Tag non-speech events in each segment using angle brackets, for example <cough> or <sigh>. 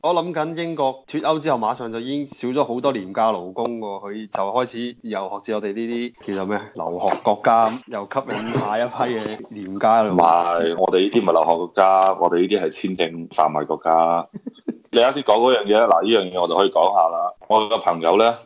我諗緊英國脫歐之後，馬上就已經少咗好多廉價勞工喎，佢就開始又學似我哋呢啲叫做咩留學國家，又吸引下一批嘅廉價勞。唔係，我哋呢啲唔係留學國家，我哋呢啲係簽證販賣國家。你啱先講嗰樣嘢嗱，呢樣嘢我就可以講下啦。我個朋友呢，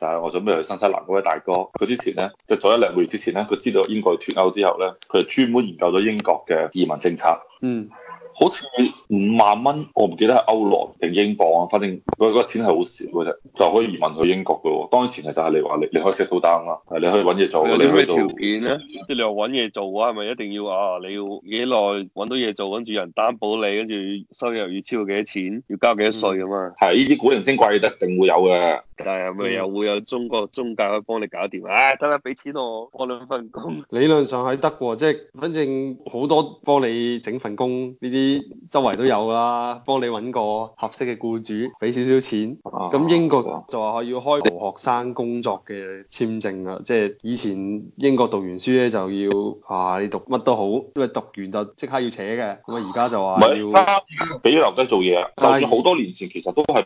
就係、是、我準備去新西蘭嗰位大哥，佢之前呢，就係早一兩個月之前呢，佢知道英國脫歐之後呢，佢專門研究咗英國嘅移民政策。嗯。好似五萬蚊，我唔記得係歐羅定英鎊啊，反正嗰個錢係好少嘅啫，就可以移民去英國嘅喎。當然前提就係你話你你可以食到單啊，係你可以揾嘢做，你咩條件咧？即你話揾嘢做啊，話，係咪一定要啊？你要幾耐揾到嘢做，跟住人擔保你，跟住收入要超過幾多錢，要交幾多稅咁啊？係呢啲古靈精怪嘅，一定會有嘅。嗯、但係咪又會有中國中介去幫你搞掂？唉、嗯，得啦、哎，俾錢我，我兩份工。理論上喺德國即係，反正好多幫你整份工呢啲。周圍都有啦，幫你搵個合適嘅雇主，俾少少錢。咁英國就話要開留學生工作嘅簽證啦，即係以前英國讀完書咧就要啊，你讀乜都好，因為讀完就即刻要扯嘅。咁啊而家就話要俾留低做嘢，就算好多年前其實都係。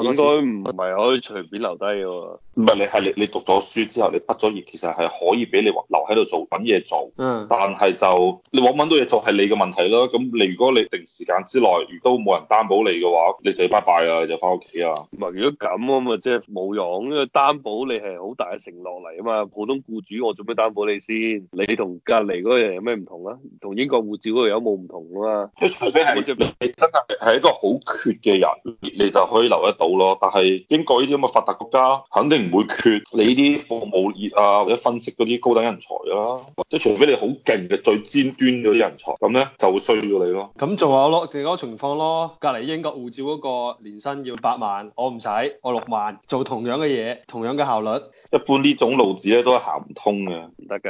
應該唔係可以隨便留低嘅喎。唔係你係你，你讀咗書之後，你畢咗業，其實係可以俾你留喺度做緊嘢做。做做嗯。但係就你冇揾到嘢做係你嘅問題咯。咁你如果你定時間之內如果都冇人擔保你嘅話，你就拜拜啦，就翻屋企啊。唔係、啊，如果咁咁嘛，即係冇用，因為擔保你係好大嘅承諾嚟啊嘛。普通僱主我做咩擔保你先？你同隔離嗰人有咩唔同啊？同英國護照嗰有冇唔同啊嘛？即係除非係、那個、你真係係一個好缺嘅人，你就可以留一。有咯，但係英國呢啲咁嘅發達國家，肯定唔會缺你啲服務業啊，或者分析嗰啲高等人才啦，啊，或者除非你好勁嘅最尖端嗰啲人才，咁咧就會需要你咯。咁仲有咯，另一個情況咯，隔離英國護照嗰個年薪要八萬，我唔使，我六萬做同樣嘅嘢，同樣嘅效率。一般呢種路子咧都係行唔通嘅，唔得嘅。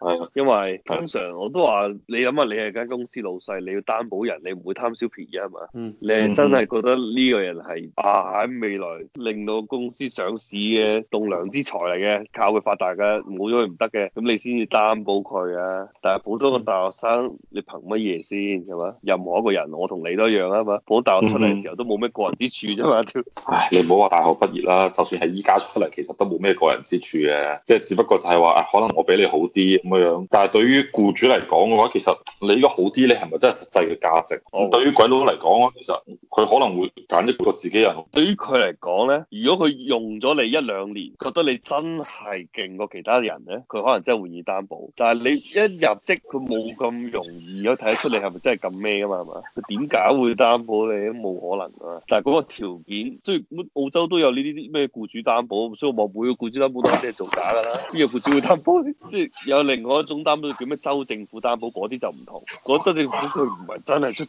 係啊，因為通常係啊，我都話你諗下你係間公司老細，你要擔保人，你唔會貪小便宜啊嘛。嗯。你係真係覺得呢個人係啊？喺未來令到公司上市嘅棟樑之才嚟嘅，靠佢發達嘅，冇咗佢唔得嘅，咁你先至擔保佢啊！但係普通嘅大學生，你憑乜嘢先？係嘛？任何一個人，我同你都一樣啊嘛！普通大學出嚟嘅時候，嗯、都冇咩個人之處啫嘛。 <laughs> 唉，你唔好話大學畢業啦，就算係依家出嚟，其實都冇咩個人之處嘅，即係只不過就係話啊，可能我比你好啲咁嘅樣。但係對於僱主嚟講嘅話，其實你依家好啲，你係咪真係實際嘅價值？哦、對於鬼佬嚟講，其實佢可能會揀一個自己人。對於佢嚟講咧，如果佢用咗你一兩年，覺得你真係勁過其他人咧，佢可能真係願意擔保。但係你一入職佢冇咁容易。如果睇得出你係咪真係咁咩噶嘛？係嘛？佢點解會擔保你？都冇可能啊！但係嗰個條件，即係澳洲都有呢啲啲咩僱主擔保，所以我每個僱主擔保都係做假噶啦。呢個僱主會擔保？即 <laughs> 係有另外一種擔保叫咩？州政府擔保嗰啲就唔同。嗰、那個、州政府佢唔係真係出錢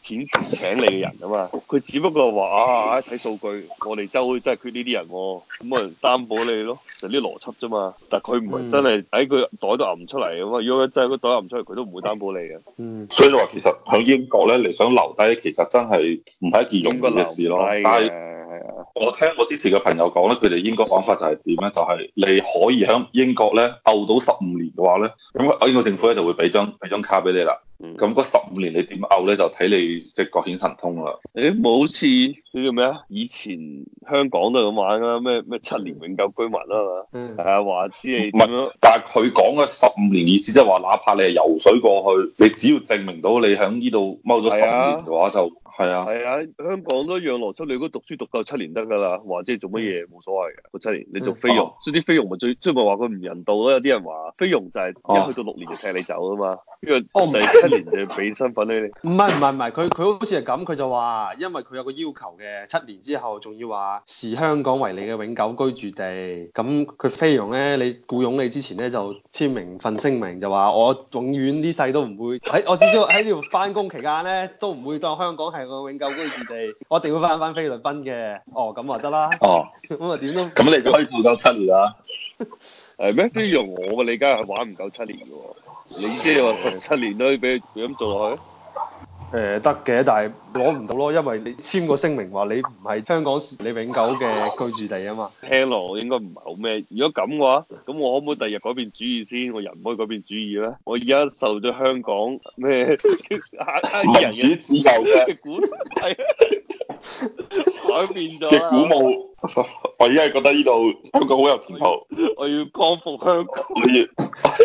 請你嘅人啊嘛，佢只不過話啊，睇數據。我哋周真係缺呢啲人、哦，咁我哋擔保你咯，就啲邏輯啫嘛。但係佢唔係真係喺佢袋，袋都揞唔出嚟咁啊！如果真係佢袋揞唔出嚟，佢都唔會擔保你嘅。嗯，所以話其實喺英國咧，你想留低，其實真係唔係一件容易嘅事咯。但係我聽我之前嘅朋友講咧，佢哋英國諗法就係點咧？就係、是、你可以喺英國咧漚到十五年嘅話咧，咁英國政府咧就會俾張俾張卡俾你啦。咁嗰十五年你點漚咧？就睇你即係各顯神通啦。誒、欸，冇事。叫做咩啊？以前香港都係咁玩啦，咩咩七年永久居民啦，係嘛？係啊，話知你點但係佢講嘅十五年意思即係話，哪怕你係游水過去，你只要證明到你喺呢度踎咗十年嘅話就，就係啊。係啊，啊，香港都一樣邏輯，你如果讀書讀夠七年得㗎啦。話者係做乜嘢冇所謂嘅，讀七年你做菲傭、嗯啊，所以啲菲傭咪最即係咪話佢唔人道咯？有啲人話菲傭就係一去到六年就踢你走㗎嘛。因呢個哦，啊啊啊啊啊啊、七年就俾身份俾你。唔係唔係唔係，佢佢好似係咁，佢就話因為佢有個要求嘅。誒，七年之後仲要話視香港為你嘅永久居住地，咁佢菲傭咧，你僱傭你之前咧就簽名份聲明就話我永遠呢世都唔會喺，我至少喺呢度翻工期間咧都唔會當香港係我永久居住地，我一定會翻翻菲律賓嘅。哦，咁啊得啦。哦，咁啊點都咁你就可以做到七年啊？係咩？ <laughs> 菲傭我噶，你梗係玩唔夠七年噶喎。 <laughs> 你即係話成七年都可以俾佢咁做落去。誒得嘅，但係攞唔到咯，因為你簽個聲明話你唔係香港時你永久嘅居住地啊嘛。聽落我應該唔係好咩。如果咁嘅話，咁我可唔可以第日改變主意先？我人唔可以改變主意咧。我而家受咗香港咩？人嘅自由嘅古墓，改變咗嘅古墓。我而家係覺得呢度香港好有前途。我要光復香港。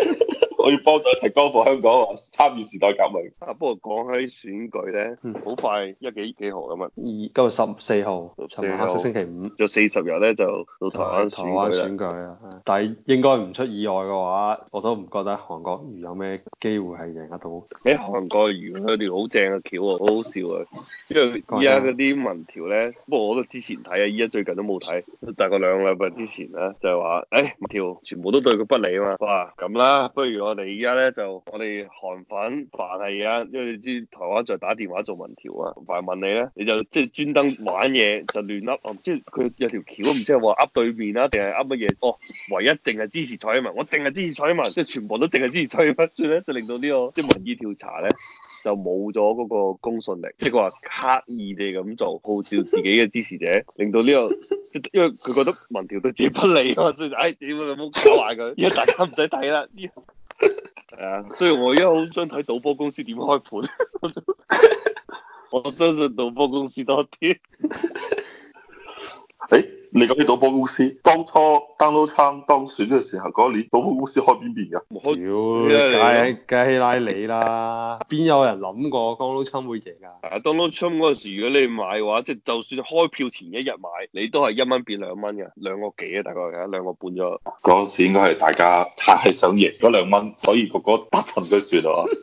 <laughs> 我要幫咗一齊光復香港，參與時代革命。啊，不過講起選舉咧，好、嗯、快，一幾幾號咁啊？二今日十四號，十四號星期五，就四十日咧就到台灣選舉啦。但係應該唔出意外嘅話，我都唔覺得韓國瑜有咩機會係贏得到。誒、欸，韓國瑜佢條好正嘅橋喎，好好笑啊！ <laughs> 因為依家啲民調咧，不過我都之前睇啊，依家最近都冇睇，大概兩個禮拜之前咧就係話，誒、欸、民調全部都對佢不利啊嘛。哇，咁啦，不如我我哋而家咧就我哋韓粉凡係啊，因為你知台灣就打電話做民調啊，凡係問你咧，你就即係專登玩嘢就亂 up、嗯、即係佢有條橋唔知係話 up 對面啊，定係 up 乜嘢？哦，唯一淨係支持蔡英文，我淨係支持蔡英文，即係全部都淨係支持蔡英文，算就令到呢、這個即係民意調查咧就冇咗嗰個公信力，即係佢話刻意地咁做，號召自己嘅支持者， <laughs> 令到呢、這個，因為佢覺得民調對自己不利咯、啊，所以就唉，屌你冇搞壞佢，依家大家唔使睇啦。 <laughs> <laughs> 係 <laughs> 啊，所以我而家好想睇賭波公司點開盤， <laughs> 我，就 <laughs> 我相信賭波公司多啲、 <laughs> <laughs> 欸。誒。你講啲賭波公司，當初 Donald Trump 當選嘅時候，嗰、那個、年賭波公司開邊邊㗎？屌哇，梗梗希拉里啦，邊 <laughs> 有人諗過 Donald Trump 會贏㗎？啊，Donald Trump 嗰時，如果你買嘅話，即、就、係、是、就算開票前一日買，你都係一蚊變兩蚊嘅，兩個幾啊，大概係兩個半咗。嗰時應該係大家太想贏嗰兩蚊，所以個個不尋都算咯。 <laughs>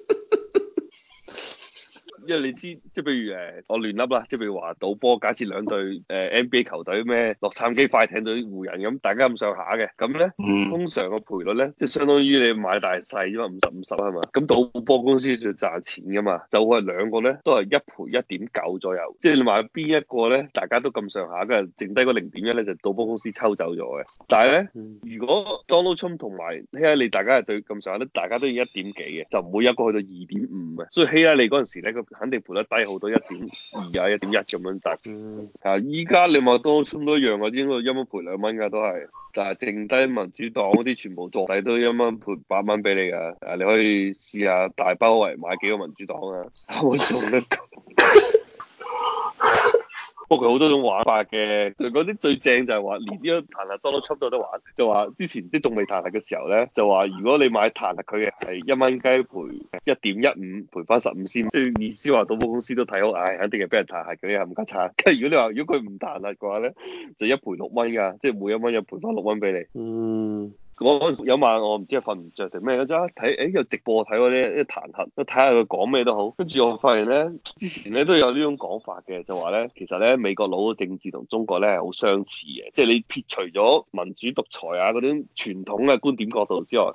因為你知，即係譬如誒，我亂笠啦，即係譬如話賭波，假設兩隊誒 NBA 球隊咩洛杉磯快艇隊、湖人，咁，大家咁上下嘅，咁咧、嗯、通常個賠率咧，即係相當於你買大細啫嘛，五十五十係嘛？咁賭波公司就賺錢噶嘛，就會係兩個咧都係一賠一點九左右，即係你買邊一個咧，大家都咁上下，跟住剩低嗰零點一咧就賭波公司抽走咗嘅。但係咧，如果 Donald Trump 同埋希拉里大家係對咁上下咧，大家都要一點幾嘅，就唔會一個去到二點五啊。所以希拉里嗰陣時咧肯定賠得低好多，啊，1. 1一點二啊一點一咁樣，但係依家你問多咁多樣，我應該一蚊賠兩蚊㗎都係，但係剩低民主黨嗰啲全部作睇都一蚊賠八蚊俾你㗎，啊你可以試下大包圍買幾個民主黨啊，我做得過。 <laughs> 不過佢好多種玩法嘅，就嗰啲最正就係話連啲彈劾多都出到都玩，就話之前即仲未彈劾嘅時候咧，就話如果你買彈劾佢嘅係一蚊雞賠一點一五，賠翻十五先，即意思話賭博公司都睇好，唉、哎，肯定係俾人彈劾嘅，冚家鏟。跟住如果你話如果佢唔彈劾嘅話咧，就一賠六蚊噶，即係每一蚊又賠翻六蚊俾你。嗯。我有晚我唔知係瞓唔着定咩嘅啫，睇誒又直播睇嗰啲啲彈劾，都睇下佢講咩都好。跟住我發現咧，之前咧都有呢種講法嘅，就話咧其實咧美國佬政治同中國咧係好相似嘅，即係你撇除咗民主獨裁啊嗰啲傳統嘅觀點角度之外，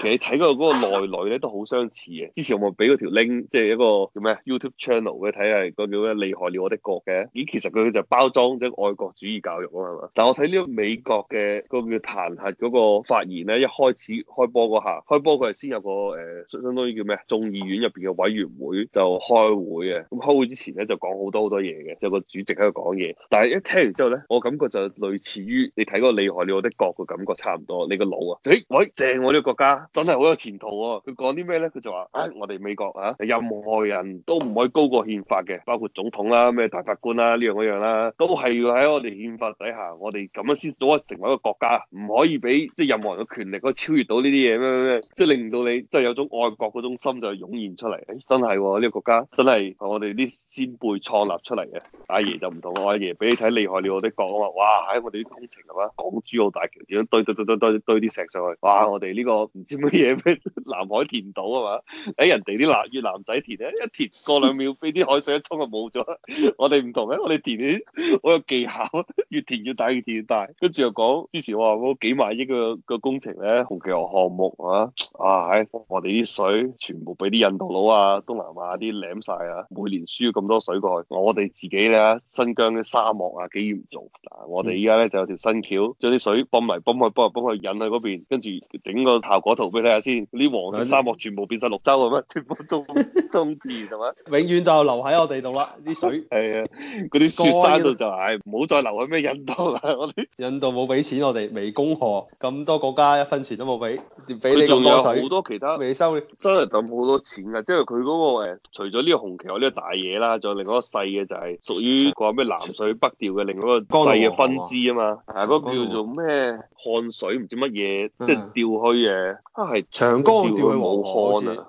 其實你睇嗰個嗰個內裏咧都好相似嘅。之前我咪俾嗰條 link，即係一個叫咩 YouTube channel 嘅睇下嗰個叫咩厲害了我的國嘅。咦，其實佢就包裝即係愛國主義教育啊，係嘛？但我睇呢個美國嘅嗰個叫彈劾嗰個而咧一開始開波嗰下，開波佢係先有個誒、呃，相當於叫咩啊？眾議院入邊嘅委員會就開會嘅。咁開會之前咧就講好多好多嘢嘅，就個主席喺度講嘢。但係一聽完之後咧，我感覺就類似於你睇嗰個《厲害了我的國》嘅感覺差唔多。你個腦啊、欸，喂，正我、啊、呢、這個國家真係好有前途喎、啊！佢講啲咩咧？佢就話：誒、啊、我哋美國啊，任何人都唔可以高過憲法嘅，包括總統啦、啊、咩大法官啦、啊、呢樣嗰樣啦、啊，都係要喺我哋憲法底下，我哋咁樣先可以成為一個國家，唔可以俾即係任何人。權力可以超越到呢啲嘢咩咩，即係令到你即係有種愛國嗰種心就湧現出嚟。誒、哎，真係呢、哦，呢個國家真係我哋啲先輩創立出嚟嘅。阿爺就唔同我，阿、啊、爺俾你睇厲害了，我的國啊嘛！哇，喺、哎、我哋啲工程啊嘛，港珠澳大橋，點樣堆堆堆堆堆堆堆堆堆堆堆堆啲石上去，哇！我哋呢個唔知乜嘢咩南海填島啊嘛，喺、哎、人哋啲南越南仔填咧，一填過兩秒，俾啲 <laughs> 海水一沖就冇咗。我哋唔同咧，我哋填啲我有技巧，越填越大，越填越大。跟住又講之前話我幾萬億嘅工程咧，紅旗河項目啊，啊喺我哋啲水全部俾啲印度佬啊、東南亞啲攬晒啊，每年輸咁多水過去，我哋自己咧新疆啲沙漠啊幾嚴重。嗱，我哋依家咧就有條新橋，將啲水泵埋，泵，泵，泵，泵去，泵去，泵去引去嗰邊，跟住整個效果圖俾你睇下先。啲黃色沙漠全部變晒綠洲咁樣，全部種 <laughs> 種樹，係嘛？永遠就留喺我哋度啦，啲水係啊，嗰啲 <laughs> <laughs> 雪山度就唉，唔好再留喺咩印度啦。我哋印度冇俾錢我哋，未供學咁多個。國家一分錢都冇俾，俾你多水。佢仲有好多其他未收，真係揼好多錢㗎。即係佢嗰個、呃、除咗呢個紅旗呢個大嘢啦，仲有另外一個細嘅，就係屬於話咩南水北調嘅另外一個細嘅分支啊嘛。係嗰、啊啊啊嗰個叫做咩漢水唔知乜嘢，啊、即係調去嘢。啊，係長江調去武漢啊，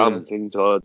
搞唔清楚。